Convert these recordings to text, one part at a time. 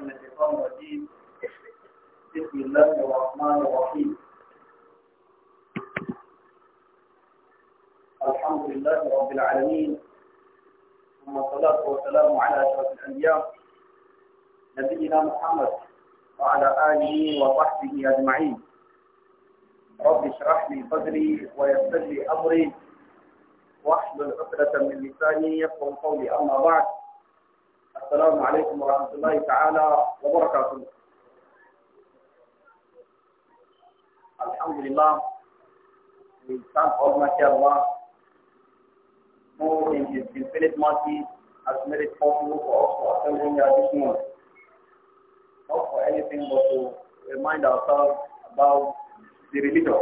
من الشيطان الرجيم بسم الله الرحمن الرحيم الحمد لله رب العالمين ثم الصلاة والسلام على أشرف الأنبياء نبينا محمد وعلى آله وصحبه أجمعين رب اشرح لي صدري ويسر لي أمري واحلل عقدة من لساني يفقهوا قولي أما بعد السلام عليكم ورحمة الله تعالى وبركاته الحمد لله we thank Almighty Allah who in His infinite mercy has made it possible for us to attend here this morning. Not for anything but to remind ourselves about the religion.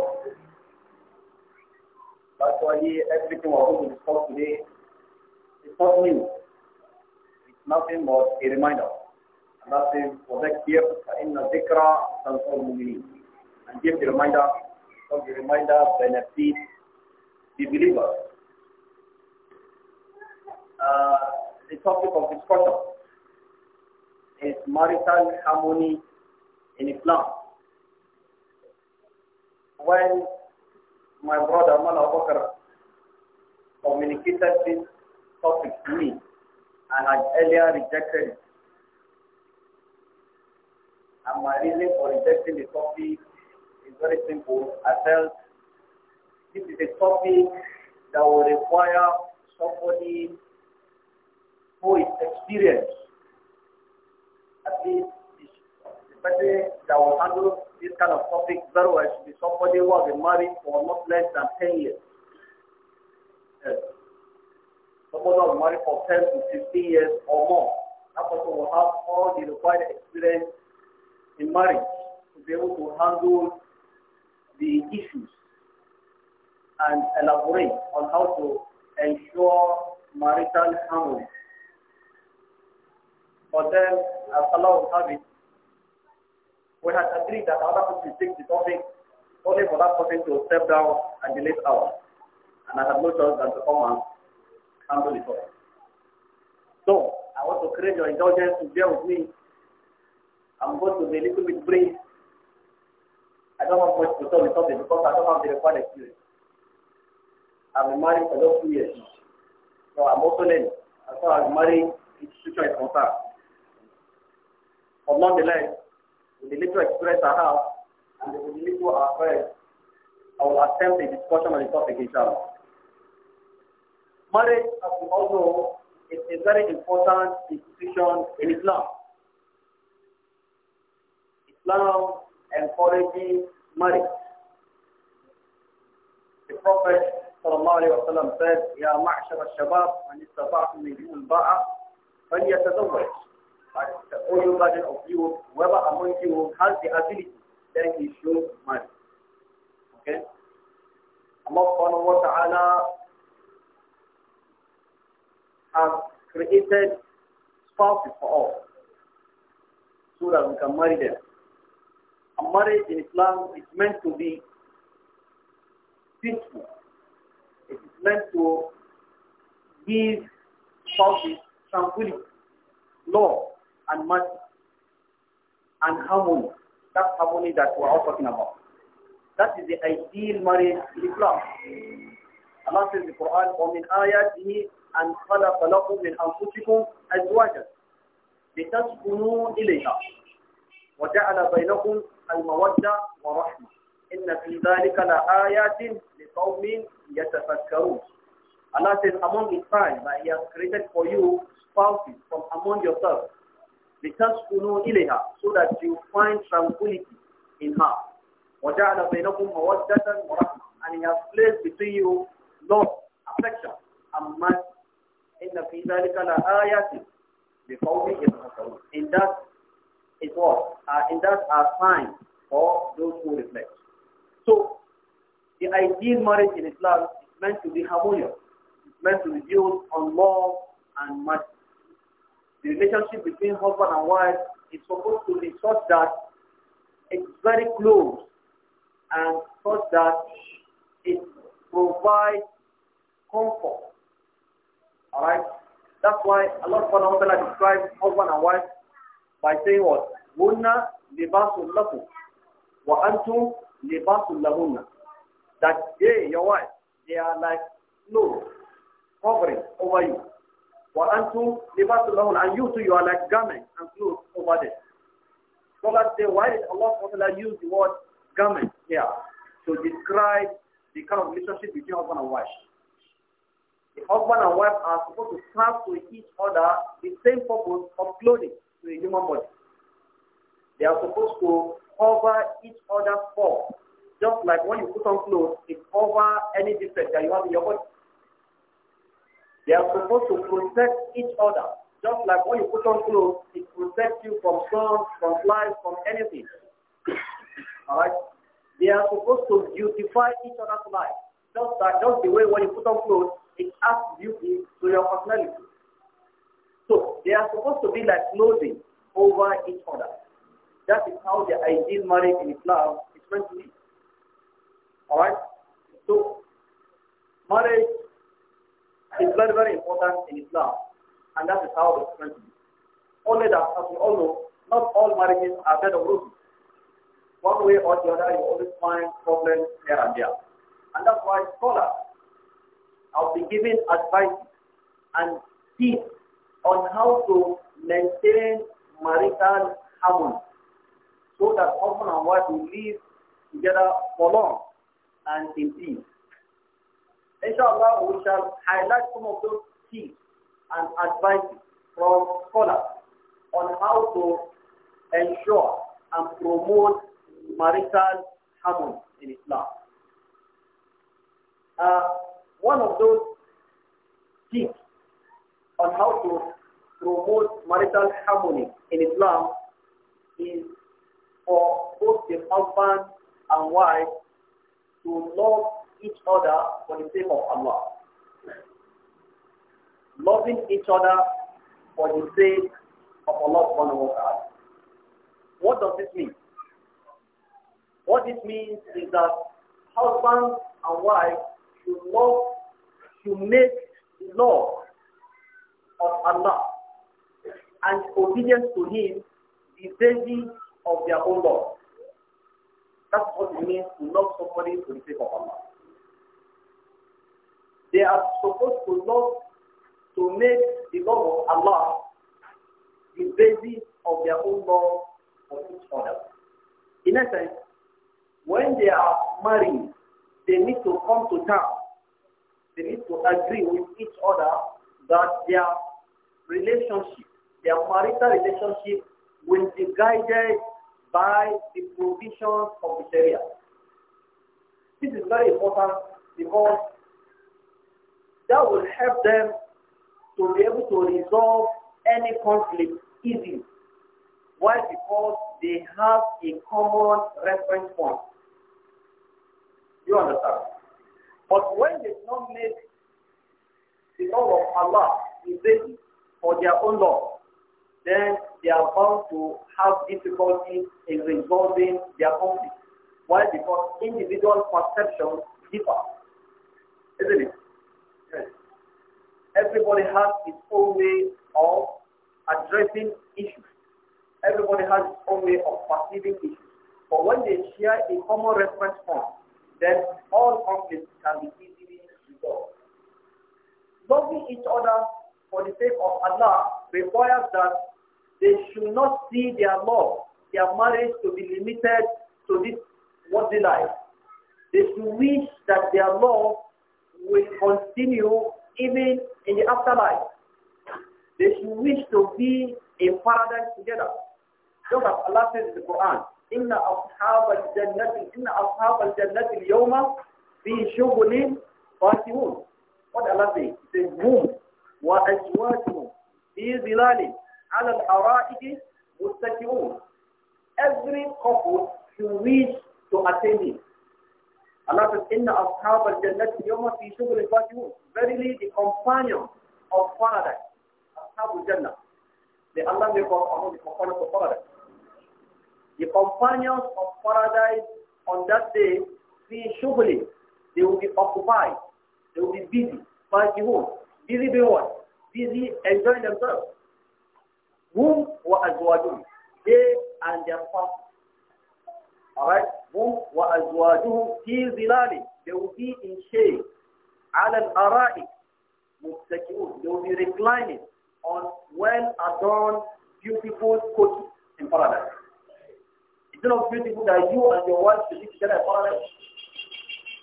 That's why everything we're going to discuss today is not new. nothing but a reminder. And that is وَذَكِّرْ in the تَنْصَرُ الْمُؤْمِنِينَ And give the reminder, because the reminder benefits the believer. Uh, the topic of discussion is marital harmony in Islam. When my brother Mala Bakr communicated this topic to me, and had earlier rejected it. And my reason for rejecting the topic is very simple. I felt this is a topic that will require somebody who is experienced. At least the person that will handle this kind of topic very well should be somebody who has been married for not less than 10 years. Yes. Someone who married for 10 to 15 years or more, that person will have all the required experience in marriage to be able to handle the issues and elaborate on how to ensure marital harmony. But then, as Allah will have it, we had agreed that other people take the topic only for that person to step down and delete out. And I had no choice than to come and handle it all. So I want to create your indulgence to bear with me. I'm going to be a little bit brief. I don't want much to talk with something because I don't have the required experience. I've been married for those two years So I'm also learning as far as marriage institution is concerned. But nonetheless, with the little experience I have and with the little I've heard, I will attempt a discussion on the topic inshallah. Marriage, as we all know, is a very important institution in Islam. Islam encourages marriage. The Prophet وسلم, said, al-shabab, معشر الشباب من استطعتم منكم الباء فليتزوج. But all you version of you, whoever among you has the ability, then he should marry. Okay? Allah subhanahu wa ta'ala have created spouses for all. so that we can marry them. A marriage in Islam is meant to be peaceful. It is meant to give spouses tranquility, love, and mercy, and harmony. That harmony that we are all talking about. That is the ideal marriage in Islam. Allah says in the Quran, أن خلق لكم من أنفسكم أزواجا لتسكنوا إليها وجعل بينكم المودة ورحمة إن في ذلك لآيات لقوم يتفكرون Allah says among his signs that he has created for you spouses from among yourselves لتسكنوا إليها so that you find tranquility in her وجعل بينكم مودة ورحمة and he has placed between you love affection and mercy Inna fi dhalika la ayatin liqawmin yatafakkarun. In that is what? Uh, in that are signs for those who reflect. So, the ideal marriage in Islam is meant to be harmonious. It's meant to be built on love and mercy. The relationship between husband and wife is supposed to be such that it's very close and such that it provides comfort Alright? That's why Allah subhanahu wa ta'ala describes husband and wife by saying what? Hunna libasul lakum wa antum libasul lahunna. That they, your wife, they are like clothes covering over you. Wa antum libasul lahunna. And you too, you are like garments and clothes over them. So that they, why did Allah subhanahu wa ta'ala use the word garment here to describe the kind of relationship between husband and wife? The husband and wife are supposed to serve to each other the same purpose of clothing to a human body. They are supposed to cover each other's fault. Just like when you put on clothes, it covers any defect that you have in your body. They are supposed to protect each other. Just like when you put on clothes, it protects you from sun, from flies, from anything. Alright? They are supposed to beautify each other's life. Just like just the way when you put on clothes, it adds beauty to your personality. So they are supposed to be like clothing over each other. That is how the ideal marriage in Islam is meant to be. Alright? So marriage is very, very important in Islam. And that is how it's meant to be. Only that, as we all know, not all marriages are bed of roses. One way or the other, you always find problems here and there. And that's why scholars I'll be giving advice and tips on how to maintain marital harmony so that husband and wife will live together for long and in peace. Inshallah, we shall highlight some of those tips and advice from scholars on how to ensure and promote marital harmony in Islam. Uh, one of those tips on how to promote marital harmony in Islam is for both the husband and wife to love each other for the sake of Allah. Loving each other for the sake of Allah subhanahu wa ta'ala. What does this mean? What this means is that husband and wife to love, to make the law of Allah and obedience to Him the basis of their own law. That's what it means to love somebody for the sake of Allah. They are supposed to love, to make the love of Allah the basis of their own law for each other. In essence, when they are married, they need to come to terms they need to agree with each other that their relationship, their marital relationship will be guided by the provisions of the Sharia. This is very important because that will help them to be able to resolve any conflict easily. Why? Because they have a common reference point. You understand? But when they do not make the law of Allah the for their own law, then they are bound to have difficulty in resolving their conflict. Why? Because individual perceptions differ. Isn't it? Yes. Everybody has its own way of addressing issues. Everybody has his own way of perceiving issues. But when they share a common reference point, then all conflicts can be easily resolved. Loving each other for the sake of Allah requires that they should not see their love, their marriage to be limited to this worldly life. They should wish that their love will continue even in the afterlife. They should wish to be in paradise together. Just as Allah says in the Quran, إن أصحاب الجنة إن أصحاب الجنة اليوم في شغل فاكهون قد الذي سهم وأزواجهم في ظلال على الأرائك متكئون every couple to wish to attain it. Allah says, Inna ashab al-jannat yawma fi shugul al Verily the companion of paradise, ashab al-jannah. May Allah make us among the companion of paradise. The companions of paradise on that day, see shugli, they will be occupied, they will be busy, fajihun, busy by what? Busy enjoying themselves. Whom wa azwajun, they and their spouse. Alright? Whom wa azwajuhum fi zilali, they will be in shade. Ala al-ara'i, muttaki'un, they will be reclining on well-adorned, beautiful coaches in paradise. It is not beautiful that you and your wife should live together in paradise?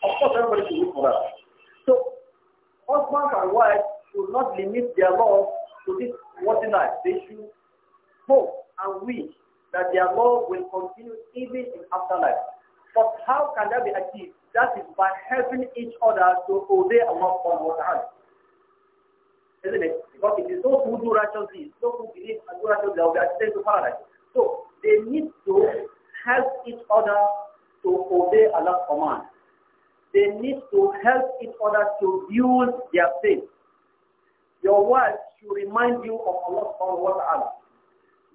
Of course, everybody should look for that. So, husband and wife should not limit their love to this worldly life. They should hope and wish that their love will continue even in afterlife. But how can that be achieved? That is by helping each other to obey Allah on wa hand. Isn't it? Because it is those who do righteous deeds, those who believe and do righteous deeds, they will be accepted to paradise. So they need to help each other to obey Allah's command. They need to help each other to build their faith. Your wife should remind you of Allah subhanahu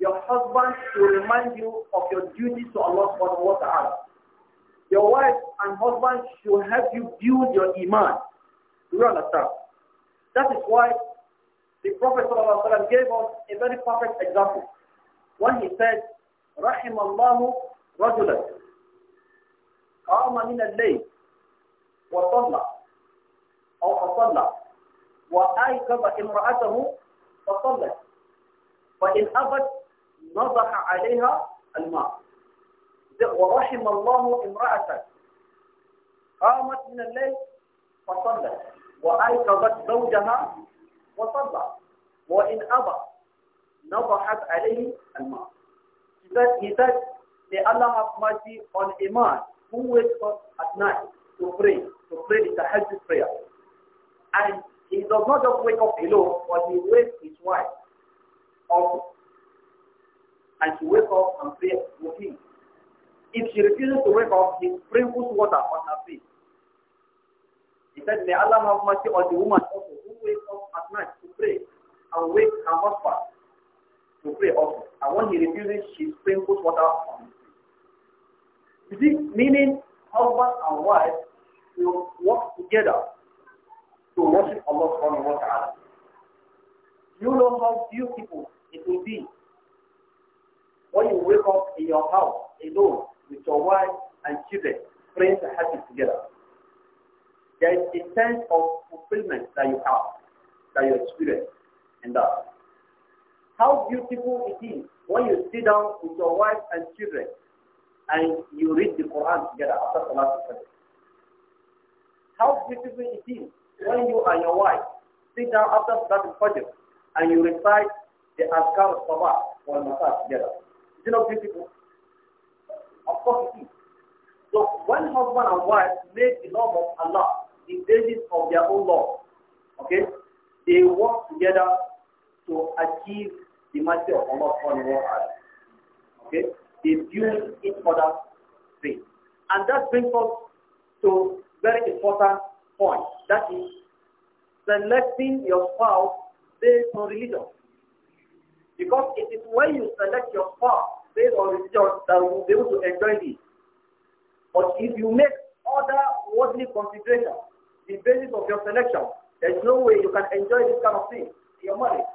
Your husband should remind you of your duty to Allah subhanahu Your wife and husband should help you build your iman. Do you understand? That is why the Prophet gave us a very perfect example. When he said, رحم الله رجلا قام من الليل وصلى أو فصلى وأيقظ امرأته فصلت فإن أبت نضح عليها الماء ورحم الله امرأة قامت من الليل فصلت وأيقظت زوجها وصلى وإن أبت نضحت عليه الماء He said, he said May Allah have mercy on a man who wakes up at night to pray, to pray the healthy prayer. And he does not just wake up alone, but he wakes his wife also. And she wakes up and prays with him. If she refuses to wake up, he sprinkles water on her face. He said, May Allah have mercy on the woman also who wakes up at night to pray and wakes her husband to pray also. And when he refuses, she sprinkles water on him. You see, meaning husband and wife will work together to worship Allah subhanahu wa ta'ala. You know how beautiful it will be when you wake up in your house alone with your wife and children praying the happy together. There is a sense of fulfillment that you have, that you experience in that. How beautiful it is when you sit down with your wife and children and you read the Quran together after Salat al How beautiful it is when you and your wife sit down after Salat al project and you recite the Azkar al-Sabah or massage together. Is it not beautiful? Of course it is. So when husband and wife make the love of Allah the basis of their own love, okay, they work together to achieve the mercy of Allah on the world. Okay? the build each other's faith. And that brings us to very important point. That is selecting your spouse based on religion. Because it is when you select your spouse based on religion that you will be able to enjoy this. But if you make other worldly considerations the basis of your selection, there's no way you can enjoy this kind of thing in your marriage.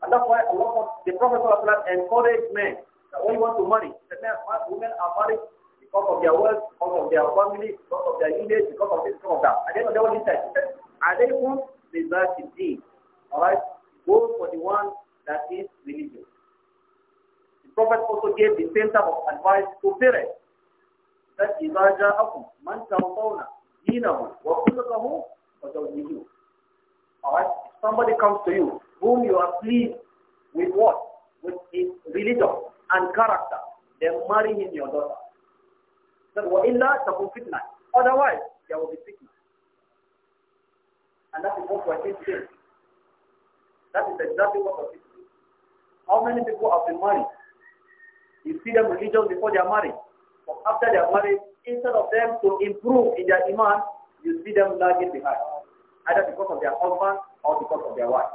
And that's why a lot of the Prophet encouraged men that when want to marry, the men, women are married because of their wealth, because of their family, because of their image, because of this, because of that. At the end of the day, said, are they who desire to be? Alright? Go for the one that is religious. The Prophet also gave the same type of advice to parents. That إذا جاءكم من ترضون دينه وخلقه فزوجوه. Alright? If somebody comes to you, whom you are pleased with what? With his religion, and character, then marry him your daughter. That وَإِلَّا تَكُنْ fitna. Otherwise, there will be fitna. And that is what we're saying That is exactly what we're saying How many people have been married? You see them religious before they are married. But after they are married, instead of them to improve in their iman, you see them lagging behind. Either because of their husband or because of their wife.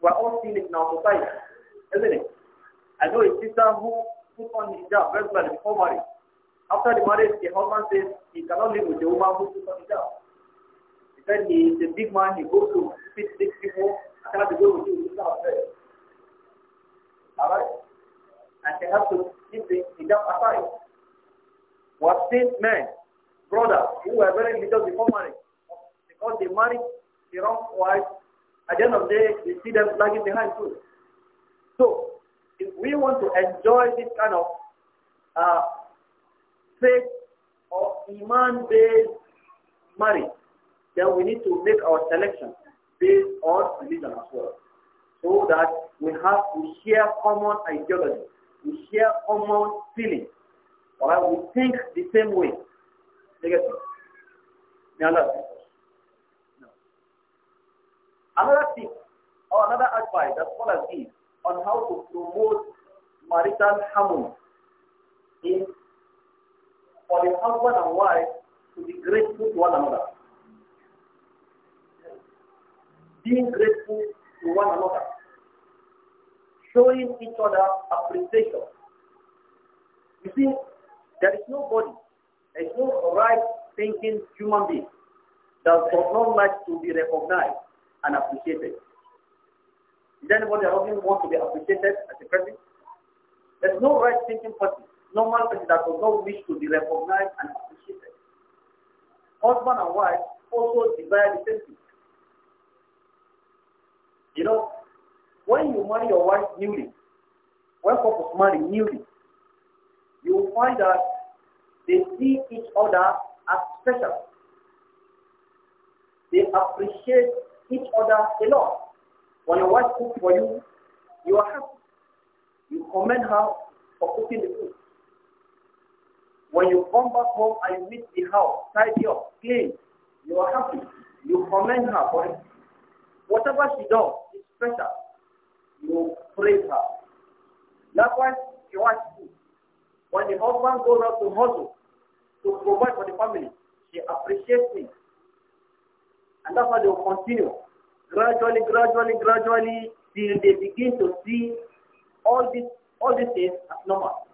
We're all seeing it now. society, isn't it? I know a sister who put on hijab well before marriage. After the marriage, the husband says he cannot live with the woman who put on hijab. He said he is a big man, he goes to fit six people, I cannot go with you, Alright? And she has to keep the hijab aside. What these men, brothers, who were very little before marriage, because they married the wrong wife, at the end of the day, you see them lagging behind too. So, if we want to enjoy this kind of uh, faith or iman-based marriage, then we need to make our selection based on religion as well. So that we have to share common ideology, we share common feelings, or right? we think the same way. another thing, or another advice that scholars give on how to promote marital harmony in for the husband and wife to be grateful to one another. Being grateful to one another. Showing each other appreciation. You see, there is nobody, there is no right thinking human being that does not like to be recognized and appreciated. Is anybody among you want to be appreciated as a president? There's no right thinking person, normal person that does not wish to be recognized and appreciated. Husband and wife also desire the same thing. You know, when you marry your wife newly, when couples marry newly, you will find that they see each other as special. They appreciate each other a lot. When your wife cooks for you, you are happy. You commend her for cooking the food. When you come back home and you meet the house, tidy up, clean, you are happy. You commend her for it. Whatever she does, it's better. You praise her. Likewise, your wife too. When the husband goes out to hustle to provide for the family, she appreciates him. And that's why they will continue gradually, gradually, gradually, till they begin to see all these all these things as normal.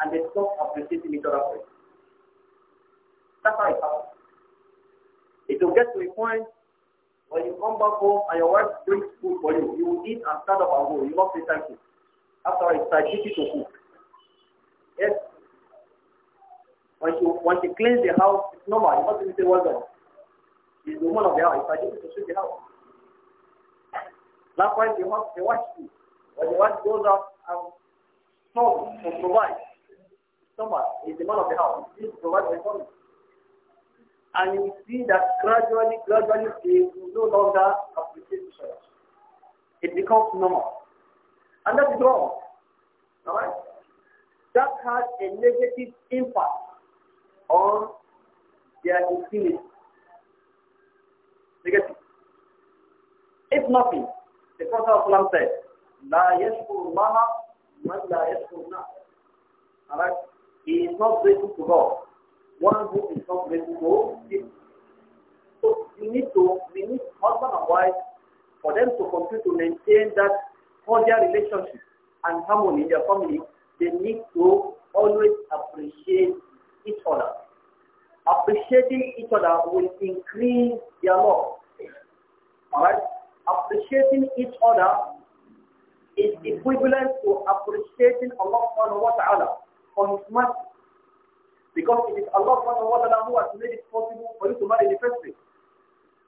And they stop appreciating each other for it. That's how it happens. It will get to a point when you come back home and your wife brings food for you. You will eat and stand up and go. You will not say thank you. After all, it's her to cook. Yes. When she, when she cleans the house, it's normal. You must say well done. He's the woman of the house. It's it to sweep the house. Likewise, the wife, the wife too. When the wife goes out and serves and provides, someone is the man of the house. He provides the family. And you see that gradually, gradually, they no longer appreciate each other. It becomes normal. And that's wrong. Alright? That has a negative impact on their infinity. If nothing, the Prophet of said, La yashkur maha man la yashkur na. Alright? He is not ready to go. One who is not ready to go, So we need to, we need husband and wife for them to continue to maintain that cordial relationship and harmony in their family. They need to always appreciate each other appreciating each other will increase their love. Alright? Appreciating each other is equivalent to appreciating Allah subhanahu wa ta'ala on his mercy. Because it is Allah subhanahu wa ta'ala who has made it possible for you to marry the first place.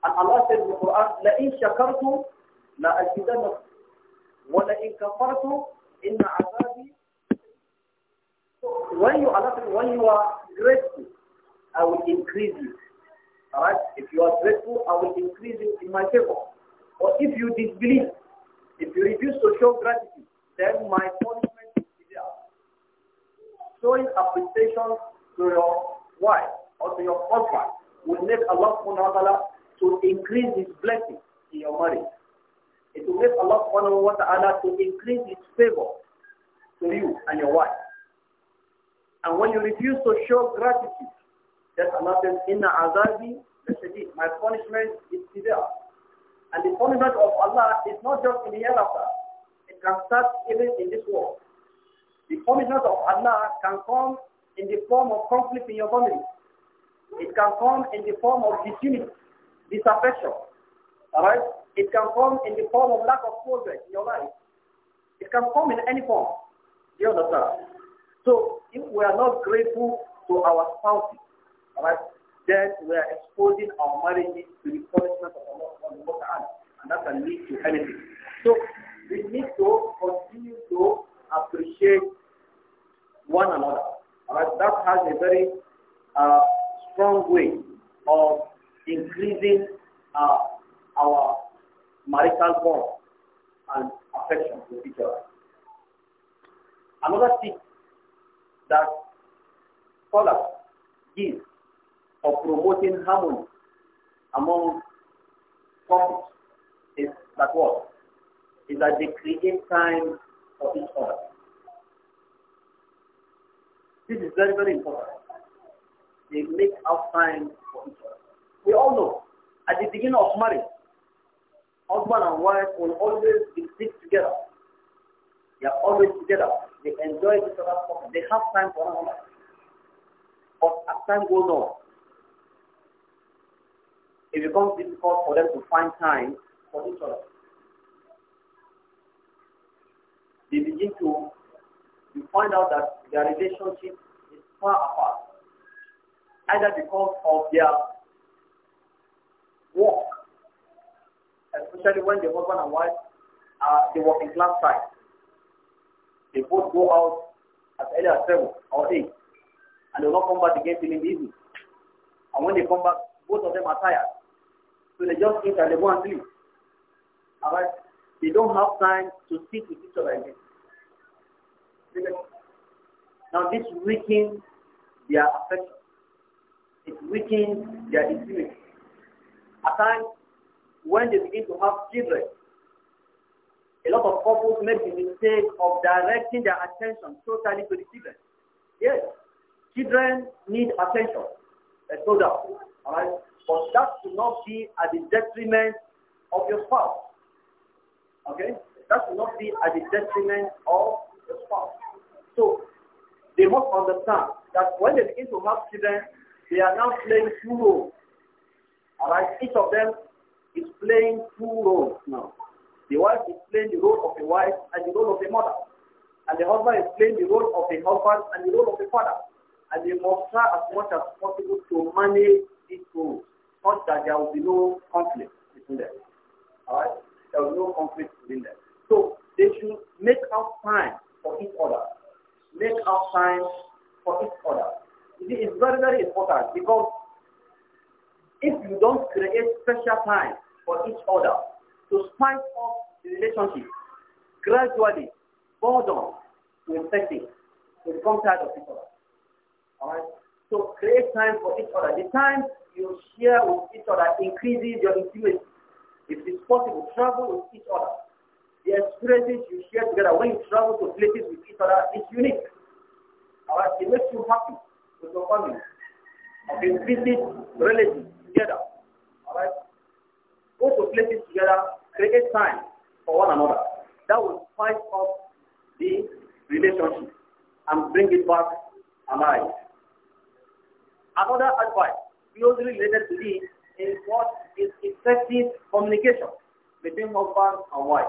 And Allah says in the Quran, لَإِن شَكَرْتُمْ لَأَزِدَنَّكُمْ وَلَإِن كَفَرْتُمْ إِنَّ عَذَابِي So when you are when you are grateful, I will increase you. Alright? If you are grateful, I will increase it in my favor. Or if you disbelieve, if you refuse to show gratitude, then my punishment is severe. Showing appreciation to your wife or to your husband will make Allah subhanahu wa ta'ala to increase his blessing in your marriage. It will make Allah subhanahu wa ta'ala to increase his favor to you and your wife. And when you refuse to show gratitude, that Allah says, Inna azabi lashadid. My punishment is severe. And the punishment of Allah is not just in the hereafter. It can start even in this world. The punishment of Allah can come in the form of conflict in your family. It can come in the form of disunity, disaffection. Alright? It can come in the form of lack of progress in your life. It can come in any form. Do you understand? So if we are not grateful to our spouses, that Then we are exposing our marriages to the punishment of Allah subhanahu And that can lead to anything. So we need to continue to appreciate one another. right? That has a very uh, strong way of increasing uh, our marital bond and affection with each other. Another tip that scholars give of promoting harmony among couples is that what? Is that they create time for each other. This is very, very important. They make out time for each other. We all know, at the beginning of marriage, husband and wife will always be sick together. They are always together. They enjoy each other's company. They have time for one another. But as time goes on, it becomes difficult for them to find time for each other. They begin to you find out that their relationship is far apart, either because of their work, especially when the husband and wife are they work in class time. They both go out as early as seven or eight, and they will not come back again till the evening. And when they come back, both of them are tired. So they just eat and they go and sleep. Alright? They don't have time to speak with each other again. Now this weakens their affection. It weakens their intimacy. At times, when they begin to have children, a lot of couples make the mistake of directing their attention totally to the children. Yes, children need attention. Let's go down. All right. But that should not be at the detriment of your spouse. Okay? That should not be at the detriment of your spouse. So, they must understand that when they begin to have children, they are now playing two roles. Alright? Each of them is playing two roles now. The wife is playing the role of the wife and the role of the mother. And the husband is playing the role of the husband and the role of the father. And they must try as much as possible to manage these roles such that there will be no conflict between them. Alright? There will be no conflict between them. So they should make out time for each other. Make out time for each other. It is very, very important because if you don't create special time for each other to spice up the relationship, gradually boredom will set in. It will become tired of each other. Alright? So create time for each other. The time you share with each other increases your intimacy. If it's possible, travel with each other. The experiences you share together when you travel to places with each other is unique. Alright, it makes you happy with your family. Okay, visit relatives together. Alright, go to places together. Create time for one another. That will spice up the relationship and bring it back alive. Another advice closely related to this is what is effective communication between husband and wife.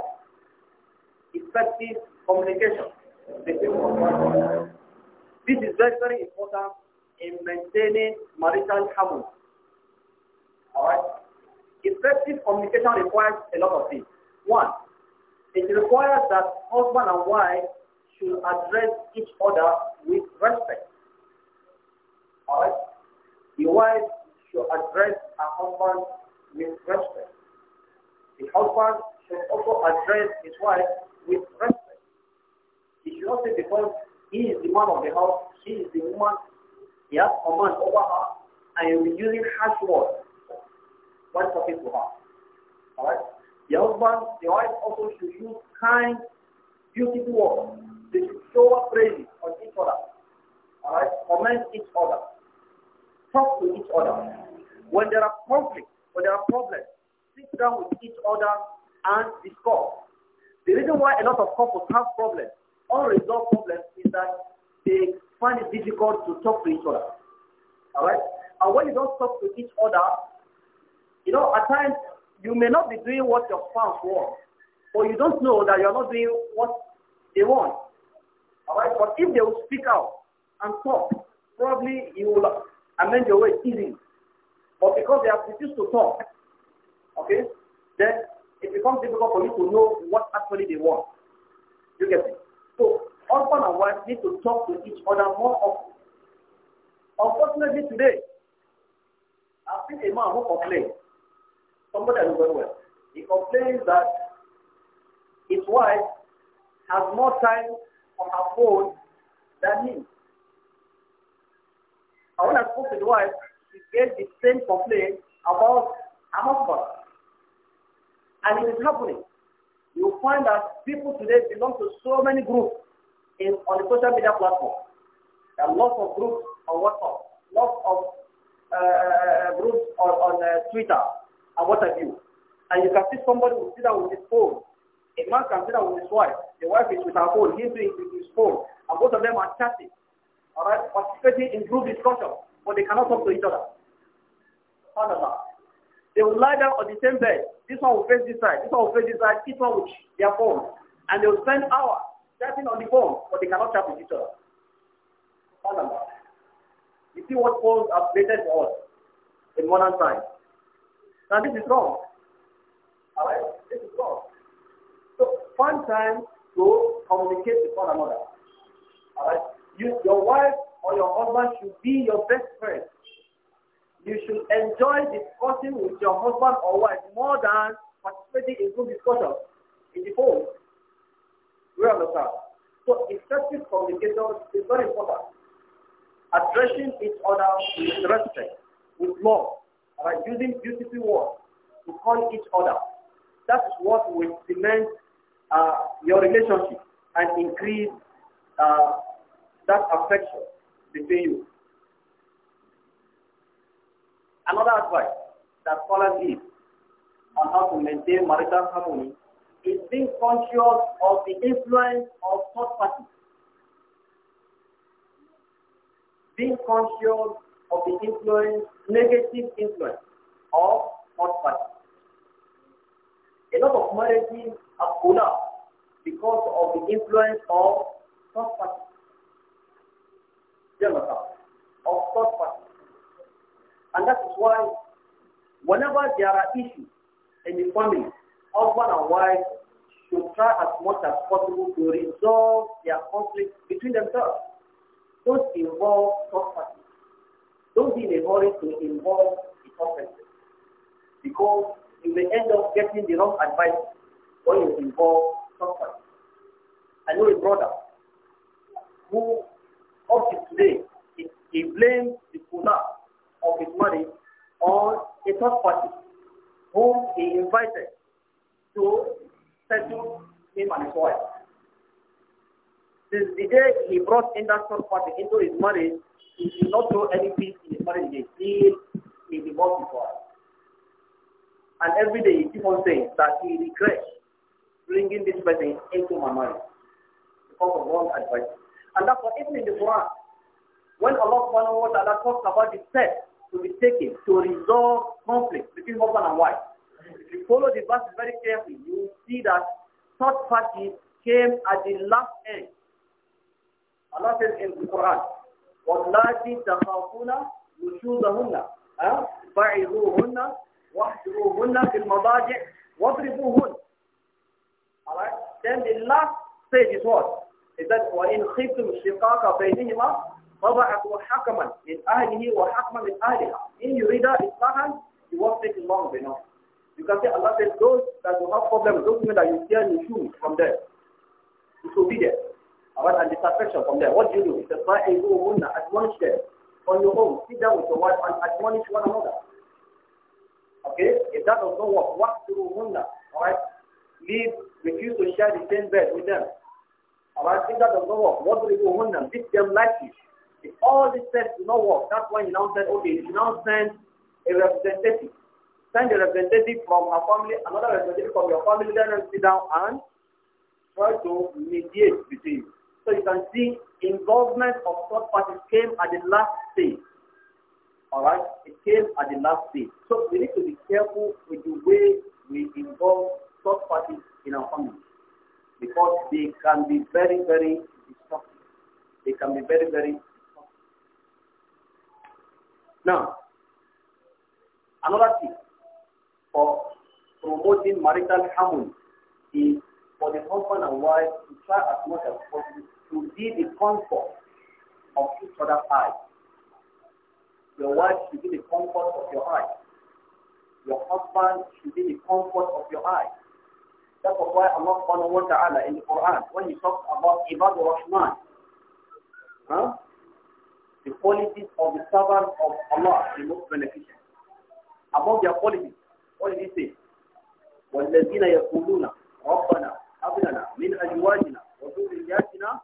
Effective communication between husband and wife. This is very, very important in maintaining marital harmony. Alright? Effective communication requires a lot of things. One, it requires that husband and wife should address each other with respect. Alright? The wife should address her husband with respect. The husband should also address his wife with respect. He should not say because he is the man of the house, she is the woman, he has command over her, and will be using harsh words when talking to her. Alright? The husband, the wife also should use kind, beautiful words. They should show praise on each other. Alright? Comment each other talk to each other. When there are conflicts, when there are problems, sit down with each other and discuss. The reason why a lot of couples have problems, unresolved problems, is that they find it difficult to talk to each other. All right? And when you don't talk to each other, you know, at times you may not be doing what your spouse wants, or you don't know that you're not doing what they want. All right? But if they will speak out and talk, probably you will amend your ways easily. But because they have refused to talk, okay, then it becomes difficult for you to know what actually they want. You get it? So husband and wife need to talk to each other more often. Unfortunately today, I've seen a man who complains. Somebody I know very well. He complains that his wife has more time on her phone than him. And when I spoke to the wife, she gave the same complaint about her husband. And it is happening. You find that people today belong to so many groups in, on the social media platform. There are lots of groups on WhatsApp, lots of uh, uh groups on, on uh, Twitter and what have you. And you can see somebody who sit down with his phone. A man can sit down with his wife. The wife is with her phone. He is with his phone. And both of them are chatting. Alright? Participating in group discussion, but they cannot talk to each other. They will lie down on the same bed. This one will face this side, this one will face this side, this one with their phone. And they will spend hours chatting on the phone, but they cannot chat with each other. SubhanAllah. You see what phones are created for us in modern times. Now this is wrong. Alright? This is wrong. So find time to communicate with one another. Alright? You, your wife or your husband should be your best friend. You should enjoy discussing with your husband or wife more than participating in group discussion in the phone, We understand. So effective communication is very important. Addressing each other with respect, with love, by using beautiful words to call each other. That is what will cement uh, your relationship and increase uh, that affection between you. Another advice that follows this on how to maintain marital harmony is being conscious of the influence of third parties. Being conscious of the influence, negative influence of third parties. A lot of marriages are pulled up because of the influence of third parties jealous of third party. And that is why whenever there are issues in the family, husband and wife should try as much as possible to resolve their conflict between themselves. Don't involve third parties. Don't be in a hurry to involve the offensive because you may end up getting the wrong advice when you involve third parties. I know a brother who up to today, he, he blames the collapse of his money on a third party whom he invited to settle him and his wife. Since the day he brought in that third party into his marriage, he did not know any peace in his marriage He, he divorced his wife. And every day he keeps on saying that he regrets bringing this person into my marriage because of wrong advice. And that's what even in the Quran, when Allah subhanahu wa ta'ala talks about the steps to be taken to resolve conflict between husband and wife, if you follow the verses very carefully, you will see that third party came at the last end. Allah says in the Quran, وَاللَّاتِ تَخَافُونَ نُشُوذَهُنَّ فَعِذُوهُنَّ وَاحْجُرُوهُنَّ فِي الْمَضَاجِعِ وَاضْرِبُوهُنَّ Alright? Then the last stage is what? إذا وإن خفتم الشقاق بينهما فبعثوا حكما من أهله وحكما من أهلها إن يريد إصلاحا يوفق الله بينهم You can say Allah says those that will have problems, those women that you see and you choose from there, you should be disobedient, Right? and disaffection from there. What do you do? It's a woman, admonish them on your own. Sit down with your wife and admonish one another. Okay? If that does not work, what do woman? Alright? Leave, refuse to share the same bed with them. Our things that does not work. What do we do? Women beat them like this. If all these steps do not work, that's why you now said, okay, you now send a representative. Send a representative from her family, another representative from your family, then and sit down and try to mediate between So you can see involvement of third parties came at the last stage. Alright? It came at the last stage. So we need to be careful with the way we involve third parties in our family because they can be very, very destructive. They can be very, very destructive. Now, another thing for promoting marital harmony is for the husband and wife to try as much as possible to be the comfort of each other's eyes. Your wife should be the comfort of your eyes. Your husband should be the comfort of your eyes. That's why Allah subhanahu wa ta'ala in the Quran, when he talks about Ibadur Rahman, huh? the qualities of the servants of Allah, the most beneficial. Among their qualities, what did he say? والذين يقولون ربنا هب لنا من أزواجنا وذرياتنا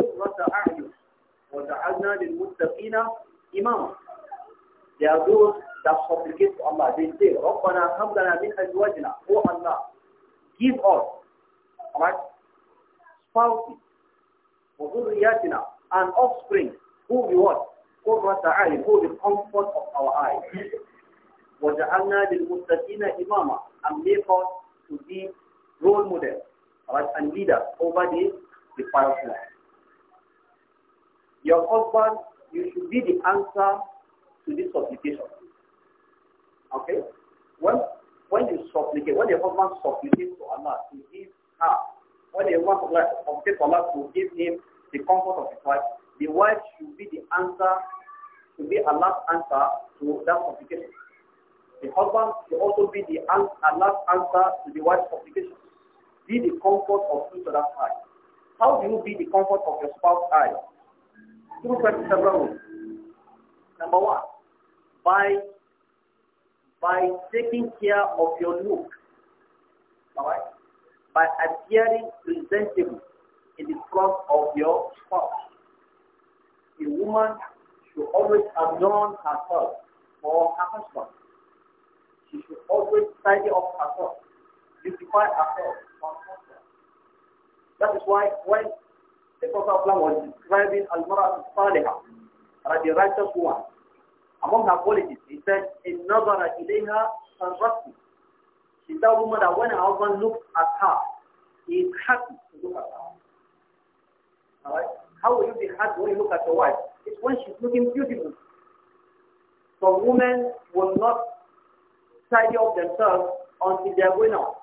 قرة أعين وجعلنا للمتقين إماما. They are those that supplicate to Allah. They say, ربنا هب لنا من أزواجنا. Oh Allah, give us, alright, spouses, وَذُرِّيَاتِنَا, and offspring, who we what قُرَّةَ eyes, who the comfort of our eyes. وَجَعَلْنَا لِلْمُتَّقِينَ إِمَامًا, and make us to be role models, alright, and leaders over the, the pious one. Your husband, you should be the answer to this supplication. Okay? Well, when you supplicate, when a husband supplicates to Allah to give her, when a woman supplicates to Allah to give him the comfort of his wife, the wife should be the answer, should be Allah's answer to that supplication. The husband should also be the Allah's answer to the wife's supplication. Be the comfort of each other's eye. How do you be the comfort of your spouse's eye? Through several ways. Number one, by by taking care of your look. Alright? By appearing presentable in the front of your spouse. A woman should always adorn herself for her husband. She should always tidy up herself, beautify herself for her husband. That is why when the Prophet was describing Al-Mara'at al-Salihah, the righteous woman, among her qualities, he said, in Nazara Ileha Sarrati. She that woman that when her husband looks at her, he is happy to look at her. Alright? How will you be happy when you look at your wife? It's when she's looking beautiful. So women will not tidy up themselves until they're going out.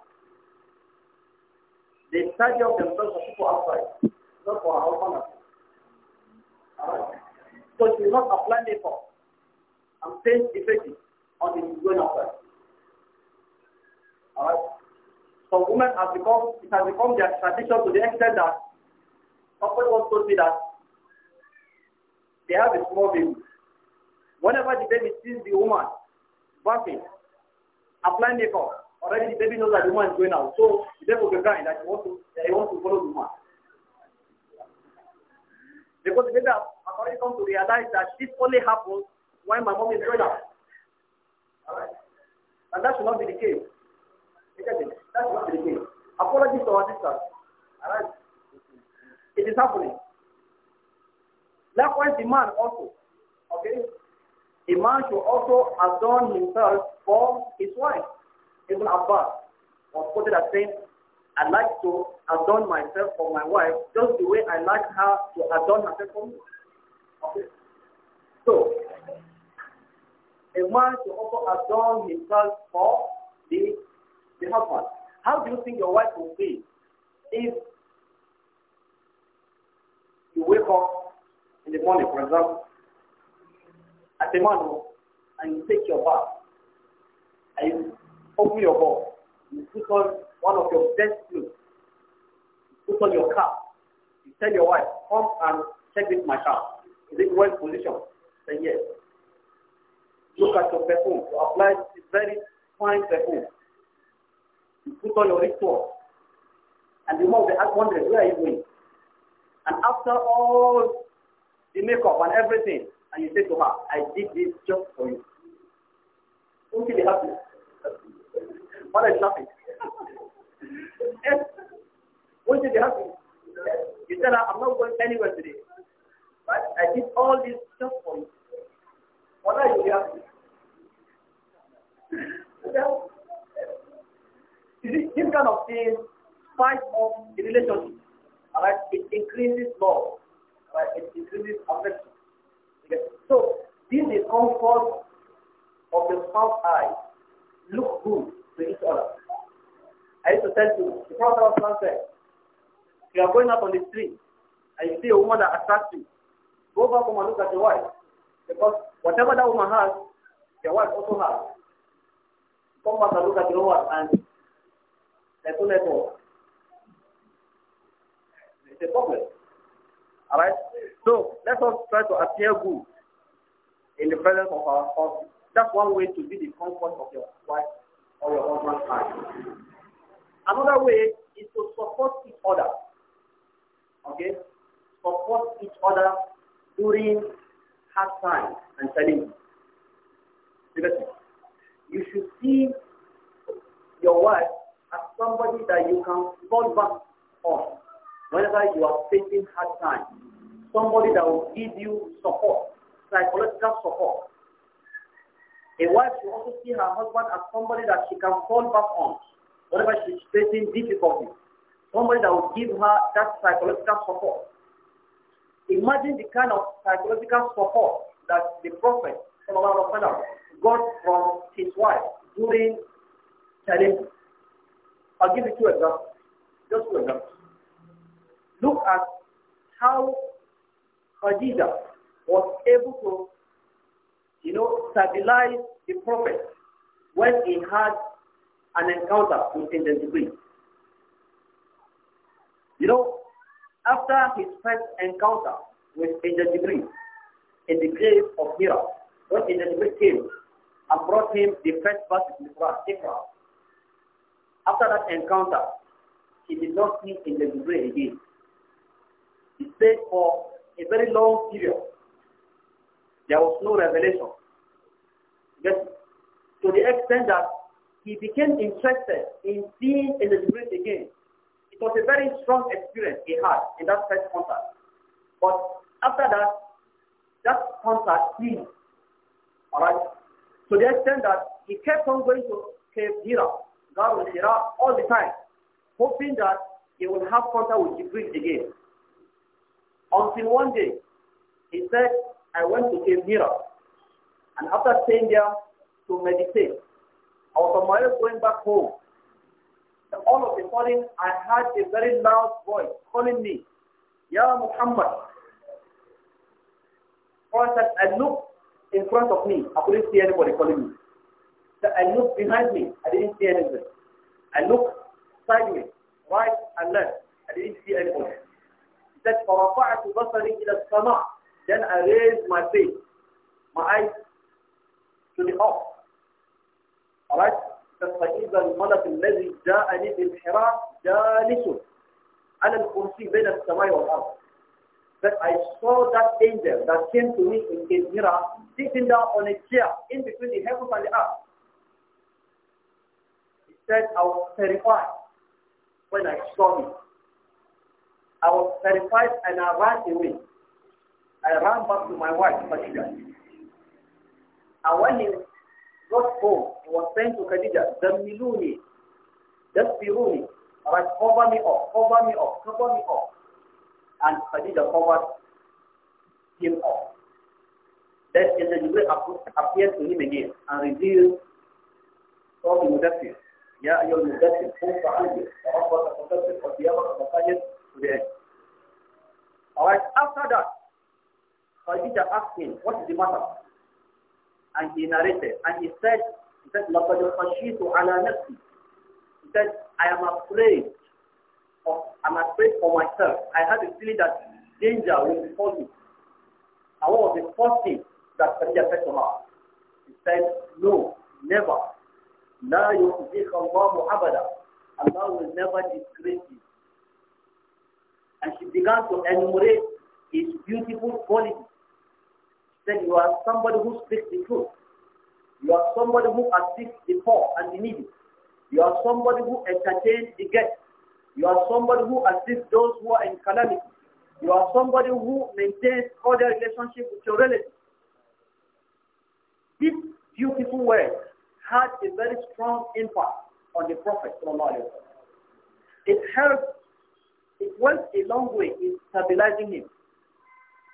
They tidy up themselves for people outside, not for her husband. Alright? So she will not apply makeup. I'm saying effective on the going outside. Alright? So women have become, it has become their tradition to the extent that somebody once told me that they have a small baby. Whenever the baby sees the woman bathing, applying makeup, already the baby knows that the woman is going out. So the baby will be crying that he wants to, he wants to follow the woman. Because the baby has already come to realize that this only happens when my mom is growing up. Alright? And that should not be the case. You get it? That should not be the case. Apologies to our sisters. Alright? It is happening. Likewise, the man also. Okay? A man should also adorn himself for his wife. Ibn Abbas was quoted as saying, I like to adorn myself for my wife just the way I like her to adorn herself for me. Okay? So, a man to also adorn himself for the, the husband. How do you think your wife will feel if you wake up in the morning, for example, at the man, and you take your bath, and you open your door, you put on one of your best clothes, you put on your cap, you tell your wife, come and check with my car. Is it well positioned? Say yes. Look at your perfume. You apply this very fine perfume. You put on your ritual. And the mom they ask wondering, where are you going? And after all the makeup and everything, and you say to her, I did this just for you. Don't you be happy? What is happy? yes. Won't you be happy? You tell her, I'm not going anywhere today. But I did all this just for you wọ́n láì yẹ This kind of thing fight off the relationship. Alright, it increases love. Alright, it increases affection. Okay. So this is comfort of the spouse eye. Look good to each other. I used to tell you, the Prophet said, you are going out on the street and you see a woman that attracts you, go back home and look at your wife. Because whatever that woman has, your wife also has. Come back and look at your wife and there's no network. It's a problem. Alright? So let us try to appear good in the presence of our husband. That's one way to be the comfort of your wife or your husband's mind. Another way is to support each other. Okay? Support each other during hard time and challenge. Seriously. You should see your wife as somebody that you can fall back on whenever you are facing hard time. Somebody that will give you support, psychological support. A wife should also see her husband as somebody that she can fall back on whenever she's facing difficulties. Somebody that will give her that psychological support. Imagine the kind of psychological support that the Prophet got from his wife during challenges. I'll give you two examples. Just two examples. Look at how Khadija was able to, you know, stabilize the prophet when he had an encounter with angel degree. You know, after his first encounter with Injajibri in the cave of Hira, when Injajibri came and brought him the first verse of the Quran, After that encounter, he did not see Injajibri again. He stayed for a very long period. There was no revelation. Yes, to the extent that he became interested in seeing Injajibri again it was a very strong experience he had in that first contact, But after that, that contact ceased. Alright? So they extent that he kept on going to Cave Hira, Garu Hira, all the time, hoping that he will have contact with Jibril again. Until one day, he said, I went to Cave Hira. And after staying there to meditate, I was on my way going back home all of a sudden, I heard a very loud voice calling me, Ya Muhammad. First, I looked in front of me. I couldn't see anybody calling me. So I looked behind me. I didn't see anybody. I looked sideways, right and left. I didn't see anybody. فَرَفَعَتُ بَصَرِي إِلَى السَّمَاءِ Then I raised my face, my eyes to the up. Alright? فإذا الملك الذي جاءني بالحراء جالس على الكرسي بين السماء والأرض But I saw that angel that came to me in his mirror sitting down on a chair in between the heavens and the earth. He said, I was terrified when I saw him. I was terrified and I ran away. I ran back to my wife, Patricia. And when he brought home and was saying to Khadija, Zamiluni, Dasbiruni, alright, cover me up, cover me up, cover me up. And Khadija covered him up. Then in the Jibreel appeared to him again and revealed all the Mudassir. يا أيها المدثر قم فأنذر وربك فكبر وثيابك فطهر to the end. Alright, after that, Khadija asked him, what is the matter? and he narrated, and he said, he said, لَقَدْ خَشِيتُ عَلَى نَفْسِي He said, I am afraid of, I'm afraid for myself. I have a feeling that danger will befall me. And what was the first thing that Khadija said to her? He said, no, never. لَا يُخْزِيكَ اللَّهُ عَبَدًا Allah will never disgrace you. And she began to enumerate his beautiful qualities then you are somebody who speaks the truth. You are somebody who assists the poor and the needy. You are somebody who entertains the guest. You are somebody who assists those who are in calamity. You are somebody who maintains other relationship with your relatives. These beautiful words had a very strong impact on the Prophet. It helped, it went a long way in stabilizing him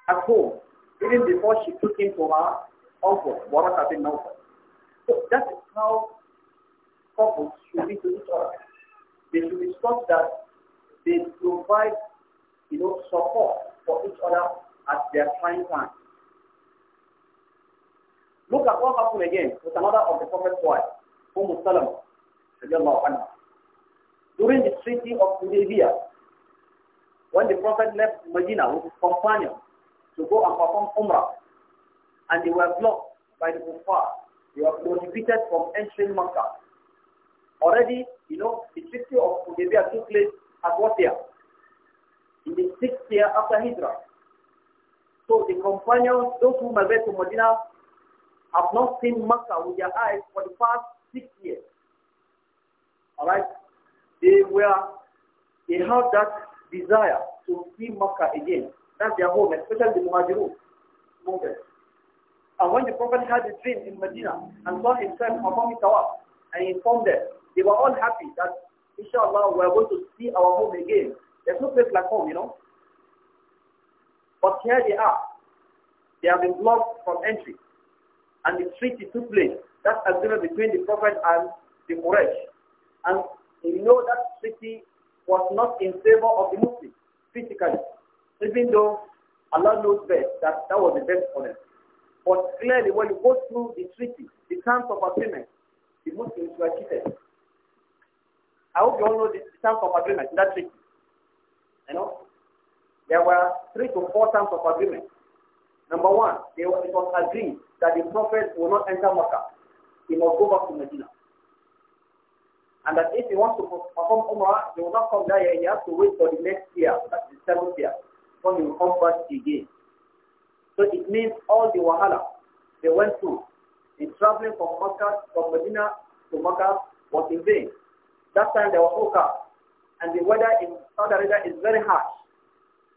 at home even before she took him to her uncle, Barak bin So that is how couples should be to each other. They should be taught that they provide, you know, support for each other at their trying time. Look at what happened again with another of the Prophet's wife, Umm Salama, during the Treaty of Hudaybiyah, when the Prophet left Medina with his companions, to go and perform Umrah. And they were blocked by the kuffar. They were prohibited from entering Makkah. Already, you know, the Treaty of Hudaybiyah took place at what year? In the sixth year after Hijrah. So the companions, those who migrated to Medina, have not seen Makkah with their eyes for the past six years. Alright? They were, they had that desire to see Makkah again. That's their home, especially the Muhajirun movement. And when the Prophet had a dream in Medina and saw himself performing tawaf and informed them, they were all happy that inshallah we are going to see our home again. There's no place like home, you know. But here they are. They have been blocked from entry. And the treaty took place. That agreement between the Prophet and the Quraysh. And you know that treaty was not in favor of the Muslims physically. Even though Allah knows best that that was the best for them. But clearly, when you go through the treaty, the terms of agreement, the Muslims were cheated. I hope you all know the terms of agreement in that treaty. You know, there were three to four terms of agreement. Number one, they were, it was agreed that the prophet will not enter Makkah. He must go back to Medina. And that if he wants to perform Umrah, he will not come there. He has to wait for the next year, that's the seventh year before he will come back again. So it means all the wahala they went through in traveling from Makkah, from Medina to Makkah was in vain. That time there was no and the weather in Saudi Arabia is very harsh.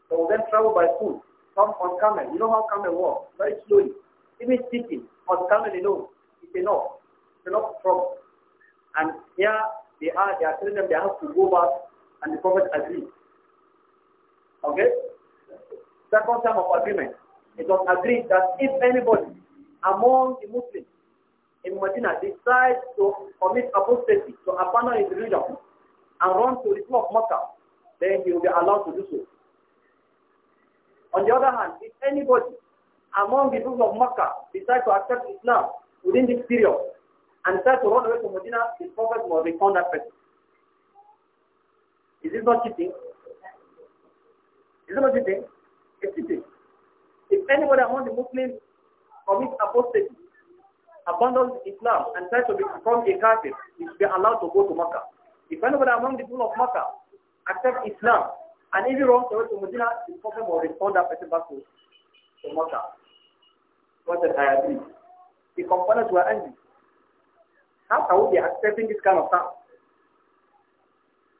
So we then travel by foot, come on camel. You know how camel walk, very slowly. Even sitting on camel alone is enough. It's enough from And here they are, they are telling them they have to go back and the Prophet agrees. Okay? second term of agreement, it was agreed that if anybody among the Muslims in Medina decides to commit apostasy, to abandon his religion, and run to the city of Mecca, then he will be allowed to do so. On the other hand, if anybody among the people of Mecca decides to accept Islam within this period and decides to run away to Medina, his prophet will return that person. Is this not cheating? Is it not cheating? If anyone among the Muslims commits apostasy, abandons Islam and tries to become a kafir, he should be allowed to go to Makkah. If anyone among the people of Makkah accepts Islam and he runs away to Medina, the Prophet will respond that person back to, to Mecca. What did I agree? The components were angry. How can we be accepting this kind of stuff?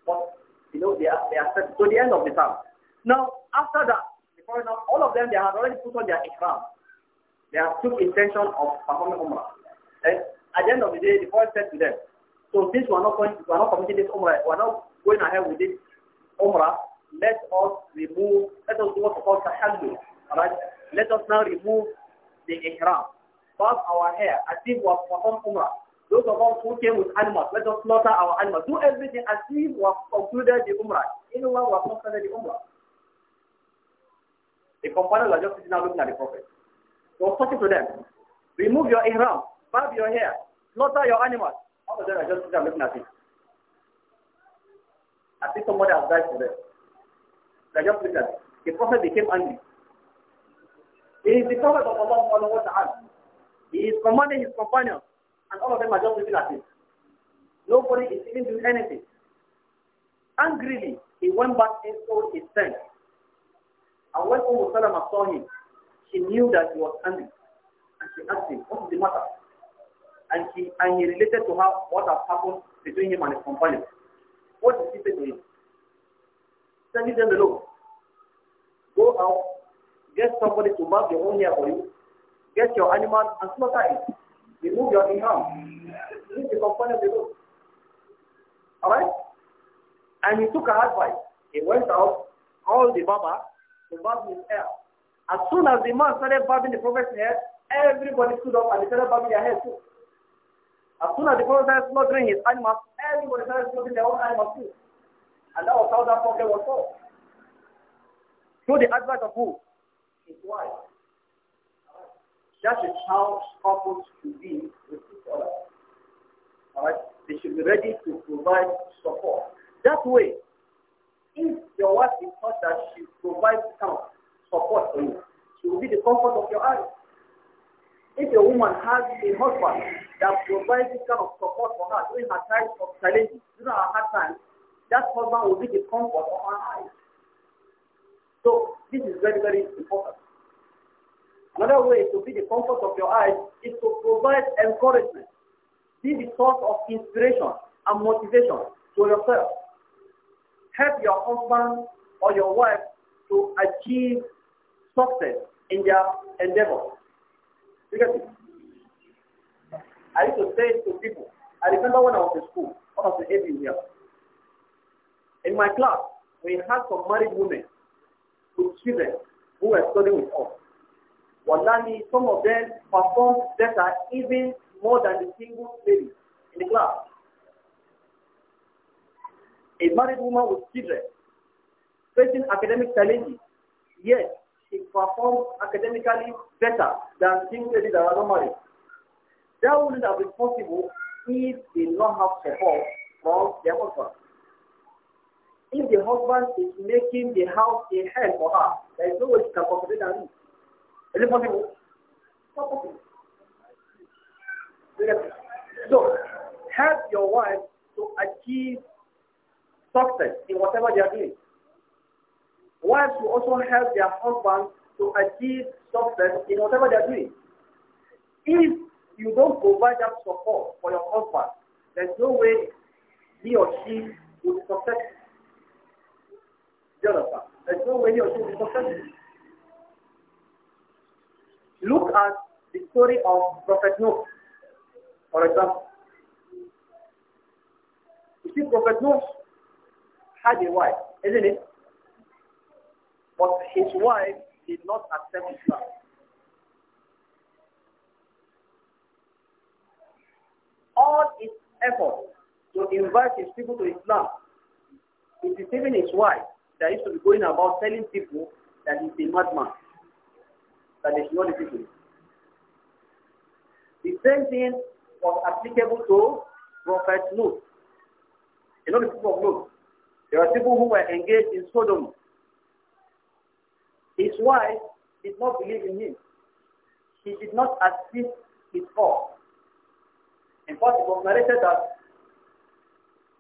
But, you know, they, are, they accept to the end of the time. Now, after that, all of them, they have already put on their ihram. They have took intention of performing umrah. And eh? at the end of the day, the Prophet said to them, so since we are not going, we are not committing this umrah, we are not going ahead with this umrah, let us remove, let us do what's called tahallu. Alright? Let us now remove the ihram. Bob our hair as if we are performing umrah. Those of us who came with animals, let us slaughter our animals. Do everything as if we have concluded the umrah. Anyone who has concluded the umrah. The companions are just sitting there looking at the Prophet. He was talking to them. Remove your ihram, barb your hair, slaughter your animals. All of them are just sitting there looking at him. I if somebody has died for them. They are just looking at it. The Prophet became angry. He is the Prophet of Allah subhanahu wa ta'ala. He is commanding his companions and all of them are just looking at him. Nobody is even doing anything. Angrily, he went back and told his friends and when Umm Salama saw him, she knew that he was angry. And she asked him, what is the matter? And, she, and he related to her what had happened between him and his companion. What did she say to him? Send them below. Go out, get somebody to mark your own hair for you, get your animal and slaughter it. Remove your income. Leave the companion below. Alright? And he took her advice. He went out, called the barber, the barb his hair. As soon as the man started barbing the prophet's hair, everybody stood up and they started barbing their hair too. As soon as the prophet started slaughtering his animals, everybody started slaughtering their own animals too. And that was how that problem was solved. Through the advice of who? His wife. That is how couples should be with each other. Alright? They should be ready to provide support. That way, if your wife is such that she provides some support for you, she will be the comfort of your eyes. If a woman has a husband that provides this kind of support for her during her times of challenges, during her hard times, that husband will be the comfort of her eyes. So this is very, very important. Another way to be the comfort of your eyes is to provide encouragement. Be the source of inspiration and motivation to yourself help your husband or your wife to achieve success in their endeavor. Because I used to say to people, I remember when I was in school, one of the ABU here. In my class, we had some married women with children who were studying with us. Wallahi, some of them performed better even more than the single ladies in the class. A married woman with children, facing academic challenges, yet she performs academically better than single ladies that are not married. That wouldn't have been possible if they did not have support from their husband. If the husband is making the house a hell for her, there is no way she can concentrate on it. Is it possible? Not possible. So, help your wife to achieve success in whatever they are doing. Wives will also help their husbands to achieve success in whatever they are doing. If you don't provide that support for your husband, there's no way he or she will be successful. there's no way he or she will be successful. Look at the story of Prophet Noah, for example. You see, Prophet Noah had a wife, isn't it? But his wife did not accept Islam. All his efforts to invite his people to Islam, he deceiving his wife that used to be going about telling people that he's a madman, that they should not listen The same thing was applicable to Prophet Nuh. You know the people of Nuh. There are people who were engaged in Sodom. His wife did not believe in him. He did not assist his cause. In fact, it was narrated that,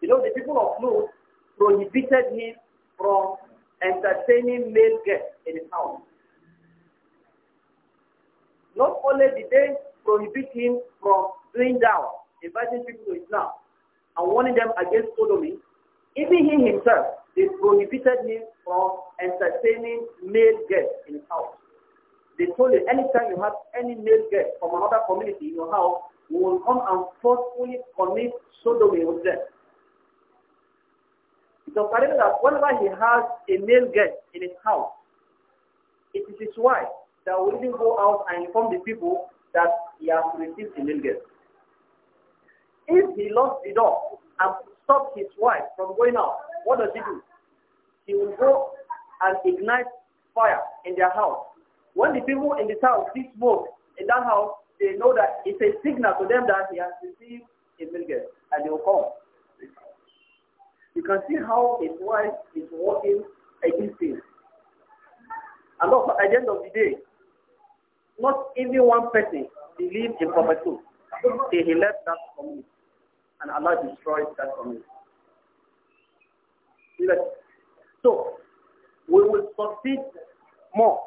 you know, the people of Lut prohibited him from entertaining male guests in his house. Not only did they prohibit him from doing down, inviting people to Islam, and warning them against sodomy, even he himself, they prohibited him from entertaining male guests in his house. They told him, anytime you have any male guest from another community in your house, we will come and forcefully commit sodomy with them. So, was that whenever he has a male guest in his house, it is his wife that will even go out and inform the people that he has received a male guest. If he locks the door and stop his wife from going out, what does he do? He will go and ignite fire in their house. When the people in the town see smoke in that house, they know that it's a signal to them that he has received a milgate and they will come. You can see how his wife is working against him. And also at the end of the day, not even one person believed in Prophet till he left that community and Allah destroys that community. So, we will succeed more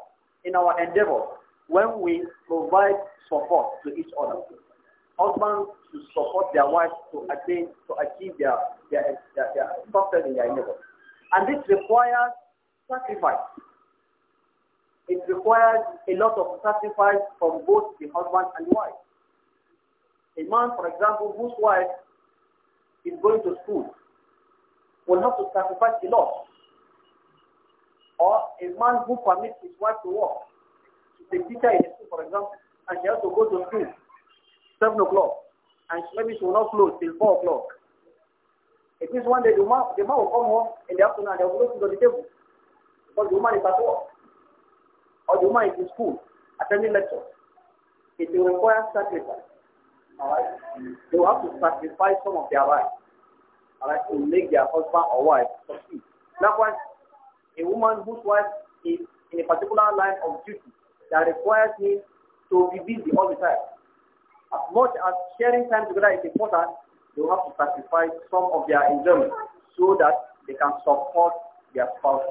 in our endeavor when we provide support to each other. Husbands to support their wives to attain, to achieve their, their, their, their success in their endeavor. And this requires sacrifice. It requires a lot of sacrifice from both the husband and wife. A man, for example, whose wife is going to school will have to sacrifice a lot. Or a man who permits his wife to work, the teacher in school, for example, and she has to go to school seven o'clock, and maybe she will not close till four o'clock. It means one day the man, the man will come home in the afternoon and they will go to the table because the woman is at work or the woman is in school attending lectures. It will require sacrifice. Alright? They will have to sacrifice some of their rights. Alright? To make their husband or wife succeed. Likewise, a woman whose wife is in a particular line of duty that requires him to be busy all the time. As much as sharing time together is important, they will have to sacrifice some of their enjoyment so that they can support their spouse.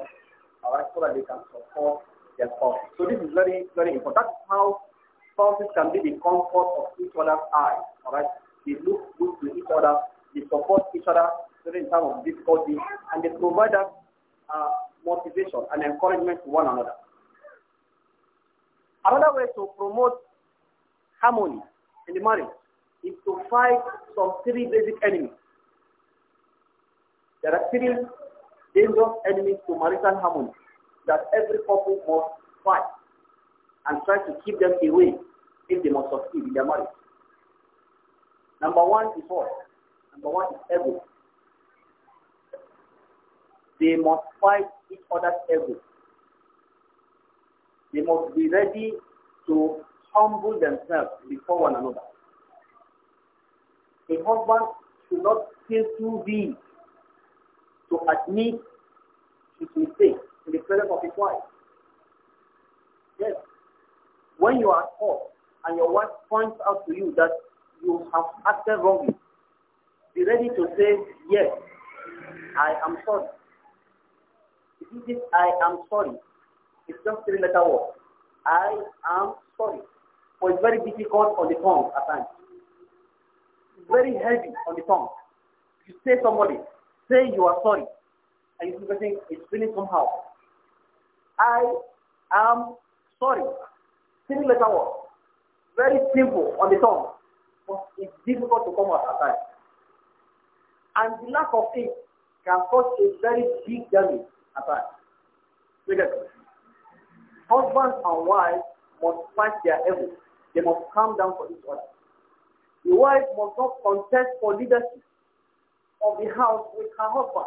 Alright, so that they can support their spouse. So this is very, very important. That's how spouses can be the comfort of each other's eyes. All right, they look good to each other, they support each other during time of difficulty, and they provide us uh, motivation and encouragement to one another. Another way to promote harmony in the marriage is to fight some three basic enemies. There are three dangerous enemies to marital harmony that every couple must fight and try to keep them away if they must succeed in their marriage. Number one is what? Number one is ego. They must fight each other's ego. They must be ready to humble themselves before one another. A husband should not feel too weak to admit his mistake in the presence of his wife. When you are at home and your wife points out to you that you have acted wrongly, be ready to say, yes, I am sorry. If it is I am sorry, it's just three letter word. I am sorry. For it's very difficult on the tongue at times. It's very heavy on the tongue. If you say somebody, say you are sorry, and you think it's feeling somehow. I am sorry. Three letter word. Very simple on the tongue, but it's difficult to come out at times. And the lack of it can cause a very big damage at times. Husbands and wives must fight their evil. They must calm down for each other. The wife must not contest for leadership of the house with her husband.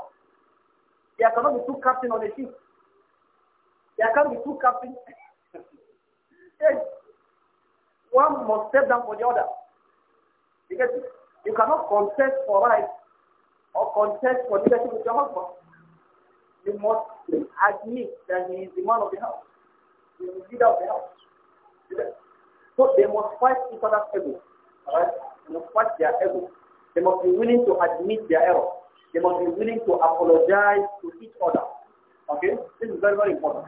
There cannot be two captains on the ship. There cannot be two captains. one must step down for the other. Because you cannot contest for right or contest for leadership with your husband. You must admit that he is the man of the house. He is the leader of the house. so they must fight each other's ego. alright? They must fight their ego. They must be willing to admit their error. They must be willing to apologize to each other. Okay? This is very, very important.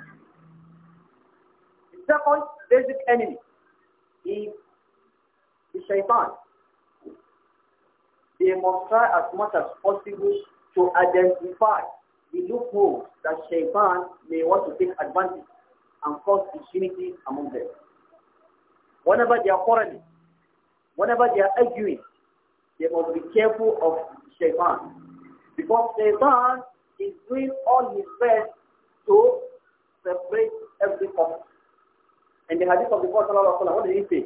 The second basic enemy is the shaitan. They must try as much as possible to identify the loopholes that shaitan may want to take advantage and cause disunity among them. Whenever they are quarreling, whenever they are arguing, they must be careful of shaitan. Because shaitan is doing all his best to separate every couple. And the hadith of the Prophet what did he say?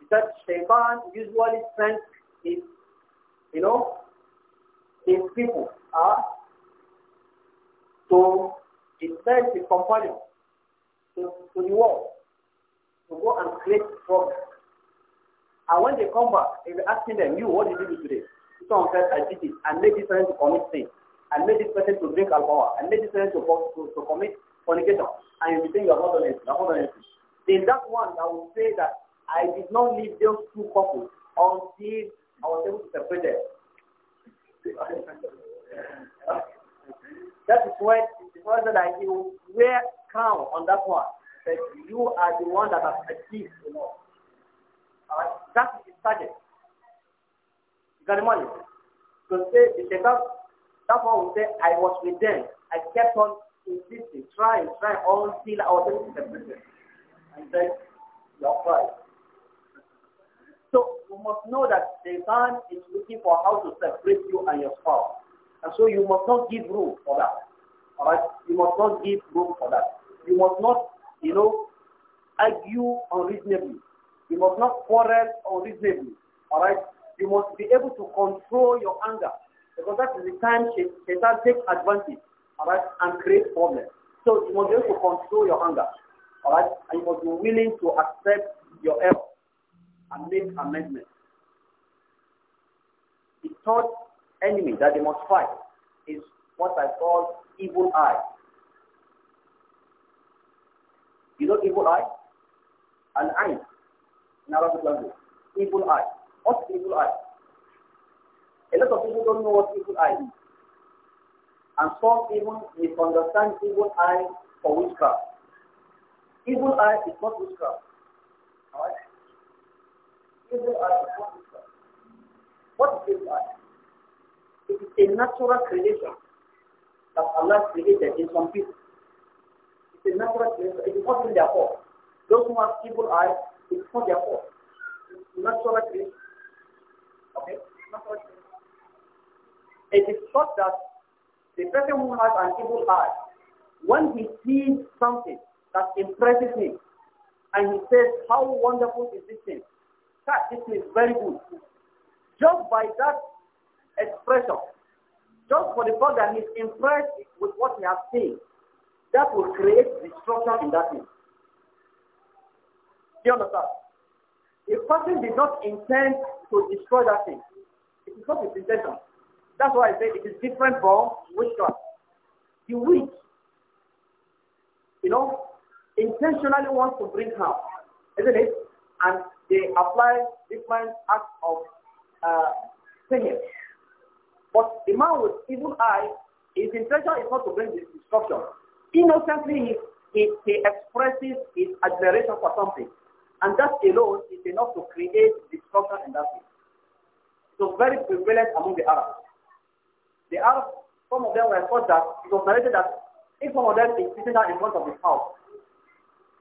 He said, Shaitan usually sends his, you know, his people are ah, to he sends his companions to, to the world to go and create trouble. And when they come back, they will asking them, you, what did you do today? Some said, I did it. I made this person to commit sin. I made this person to drink alcohol. I made this person to, to, to commit fornication. And you think you have not done anything. You have not done anything. In that one that will say that I did not leave those two couples until I was able to separate them. that is why, the person that he will wear crown on that one. That you are the one that has achieved the Lord. Right? That is his target. You got the money? So say the shaitan, that one will say, I was with them. I kept on insisting, trying, trying until I was able to separate them and then your pride. So you must know that Satan is looking for how to separate you and your spouse. And so you must not give room for that. Alright? You must not give room for that. You must not, you know, argue unreasonably. You must not quarrel unreasonably. Alright? You must be able to control your anger. Because that is the time Satan takes advantage. Alright? And creates problems. So you must be able to control your anger. Alright? And you must be willing to accept your error and make amendments. The third enemy that they must fight is what I call evil eye. You know evil eye? An eye in Arabic language. Evil eye. What's evil eye? A lot of people don't know what evil eye is. And some even misunderstand evil eye for witchcraft. Evil eye is not witchcraft. Alright? Evil eye is not witchcraft. What is evil eye? It is a natural creation that Allah created in some people. It's a natural creation. It is not in their fault. Those who have evil eyes, it is not their fault. It's natural creation. Okay? Natural creation. It is thought that the person who has an evil eye, when he sees something, that impresses him. And he says, how wonderful is this thing? That this is very good. Just by that expression, just for the fact that he's impressed with what he has seen, that will create destruction in that thing. Do you understand? A person did not intend to destroy that thing. It is not his intention. That's why I say it is different from witchcraft. The witch, you know, intentionally wants to bring harm, isn't it? And they apply different acts of uh, But the man with evil eye, his intention is not to bring this destruction. Innocently, he, he, he expresses his admiration for something. And that alone is enough to create destruction in that way. So very prevalent among the Arabs. The Arabs, some of them were thought that, it was narrated that if some of them is sitting down in front of his house,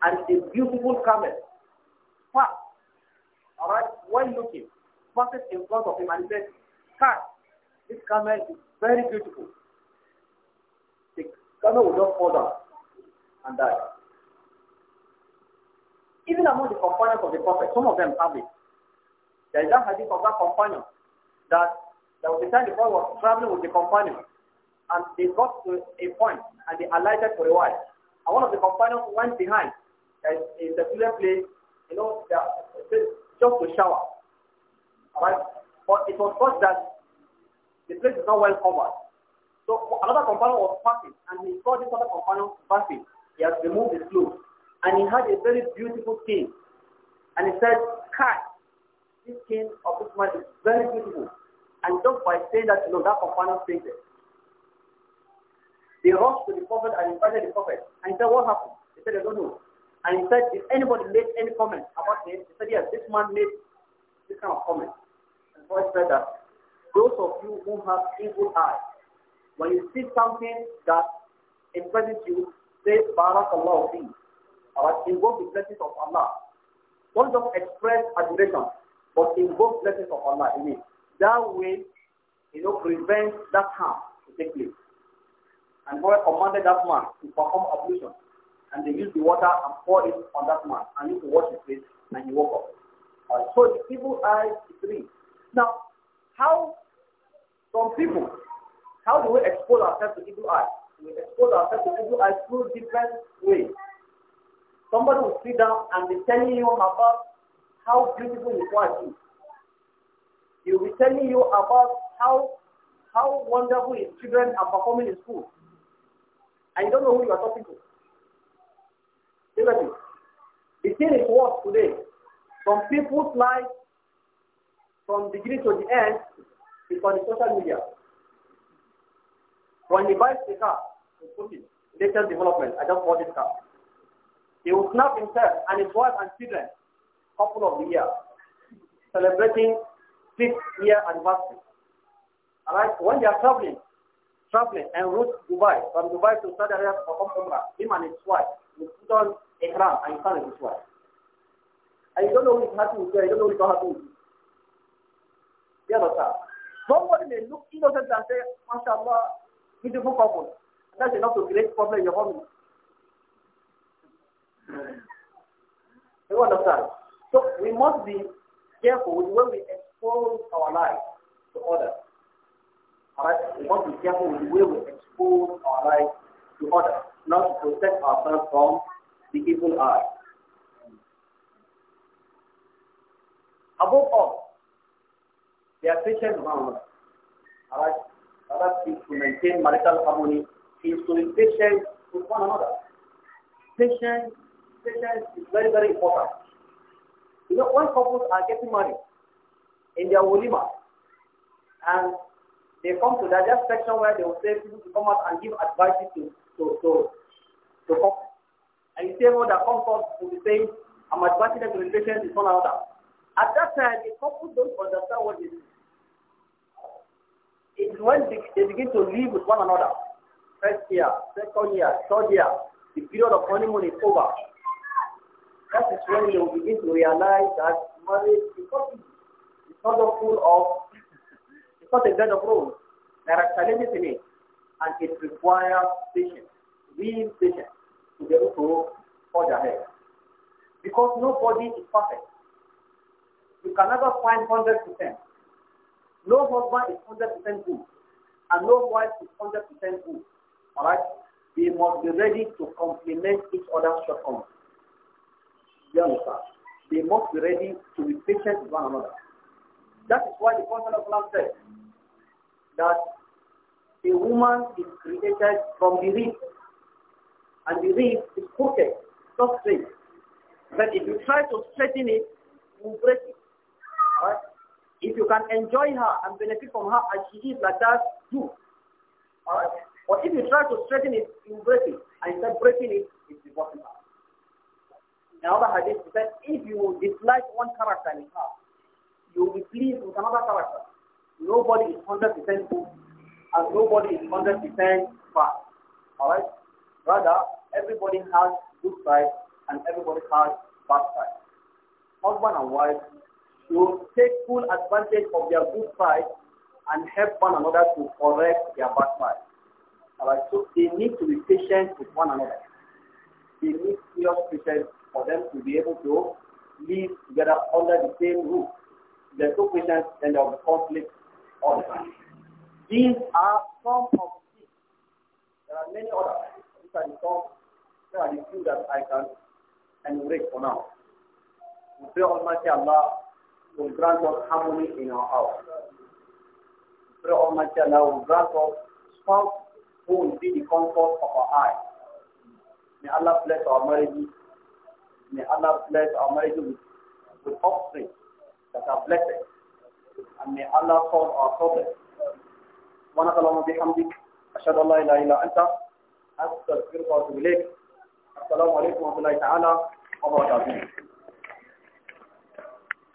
and a beautiful camel What? all right, while looking, passes in front of him and he said, Cat, this camel is very beautiful. The camel would not fall down and die. Even among the companions of the Prophet, some of them have it. There is a hadith of that companion that there was a time the Prophet was traveling with the companion and they got to a point and they alighted for a while. And one of the companions went behind in a particular place, you know, just to shower. Alright? But it was such that the place is not well covered. So another companion was passing and he saw this other companion passing. He has removed his clothes and he had a very beautiful skin. And he said, Kai, this skin of this man is very beautiful. And just by saying that, you know, that companion fainted. They rushed to the prophet and invited the prophet. And he said, what happened? He said, I don't know. And he said, if anybody made any comment about him, he said, yes, this man made this kind of comment. And so I said that those of you who have evil eyes, when you see something that impresses you, say, Barakallahu fi. Alright, invoke the blessings of Allah. Don't just express admiration, but invoke blessings of Allah in it. That way, you know, prevent that harm to take place. And God commanded that man to perform ablution and they use the water and pour it on that man, and you wash his face, and he woke up. Right. So the evil eye is real. Now, how some people, how do we expose ourselves to evil eye? We expose ourselves to evil eye through different ways. Somebody will sit down and be telling you about how beautiful his wife is. He will be telling you about how how wonderful his children are performing in school. And you don't know who you are talking to. Look at it. The thing is worse today. Some people's life, from beginning to the end, is on the social media. When he buys the car, he put it, latest development, I just bought this car. He will snap himself and his wife and children, couple of the year, celebrating fifth year anniversary. Alright, when they are traveling, traveling and route Dubai, from Dubai to Saudi Arabia for Umrah, him and his wife, you put on ihram and you can't even swear. And you don't know who is happy with you, you don't know who is not happy with you. You understand? Somebody may look innocent and say, MashaAllah, beautiful couple. That's enough to create problem in your family. You understand? So we must be careful when we expose our life to others. Alright? We must be careful with the way we expose our life to others not protect ourselves from the evil eye. Above all, they are around our Allah seeks to maintain marital harmony is to be patient with one another. Patience, patience is very, very important. You know, when couples are getting married in their walima, and they come to that just section where they will say people to come out and give advice to to to to come. And you say well oh, that comes out will be saying, I'm advising them to relation to one another. At that time the couple don't understand what it is. It's when they, begin to live with one another. First year, second year, third year, the period of honeymoon is over. That is when they will begin to realize that marriage is not, it's not full of not a bed of roses. There are challenges in it, and it requires patience, being patient, to be able to forge ahead. Because nobody is perfect. You can never find 100%. No husband is 100% good, and no wife is 100% good. All right? We must be ready to complement each other's shortcomings. You understand? They must be ready to be patient with one another. That is why the Prophet of Allah said, that a woman is created from the rib, and the rib is crooked, so straight. But if you try to straighten it, you break it. Right? If you can enjoy her and benefit from her as she is like that, do. Right? But if you try to straighten it, you break it. And instead breaking it, it's part. her. Another hadith said, if you dislike one character in her, you will be pleased with another character. Nobody is 100% good and nobody is 100% bad. Alright? Rather, everybody has good side and everybody has bad side. Husband and wife should take full advantage of their good side and help one another to correct their bad side. Alright, so they need to be patient with one another. They need serious patience for them to be able to live together under the same roof. If there's no patient, then there will be conflict these are some of these. There are many others. These are the some, there are the few that I can enumerate for now. We pray Almighty Allah will grant us harmony in our house. We pray Almighty Allah will grant us spouse who will be the comfort of our eyes. May Allah bless our marriages. May Allah bless our marriages with, with offspring that are blessed. and may Allah solve our problems. سبحانك أشهد أن لا إله إلا أنت أستغفرك وأتوب إليك السلام عليكم ورحمة الله تعالى وبركاته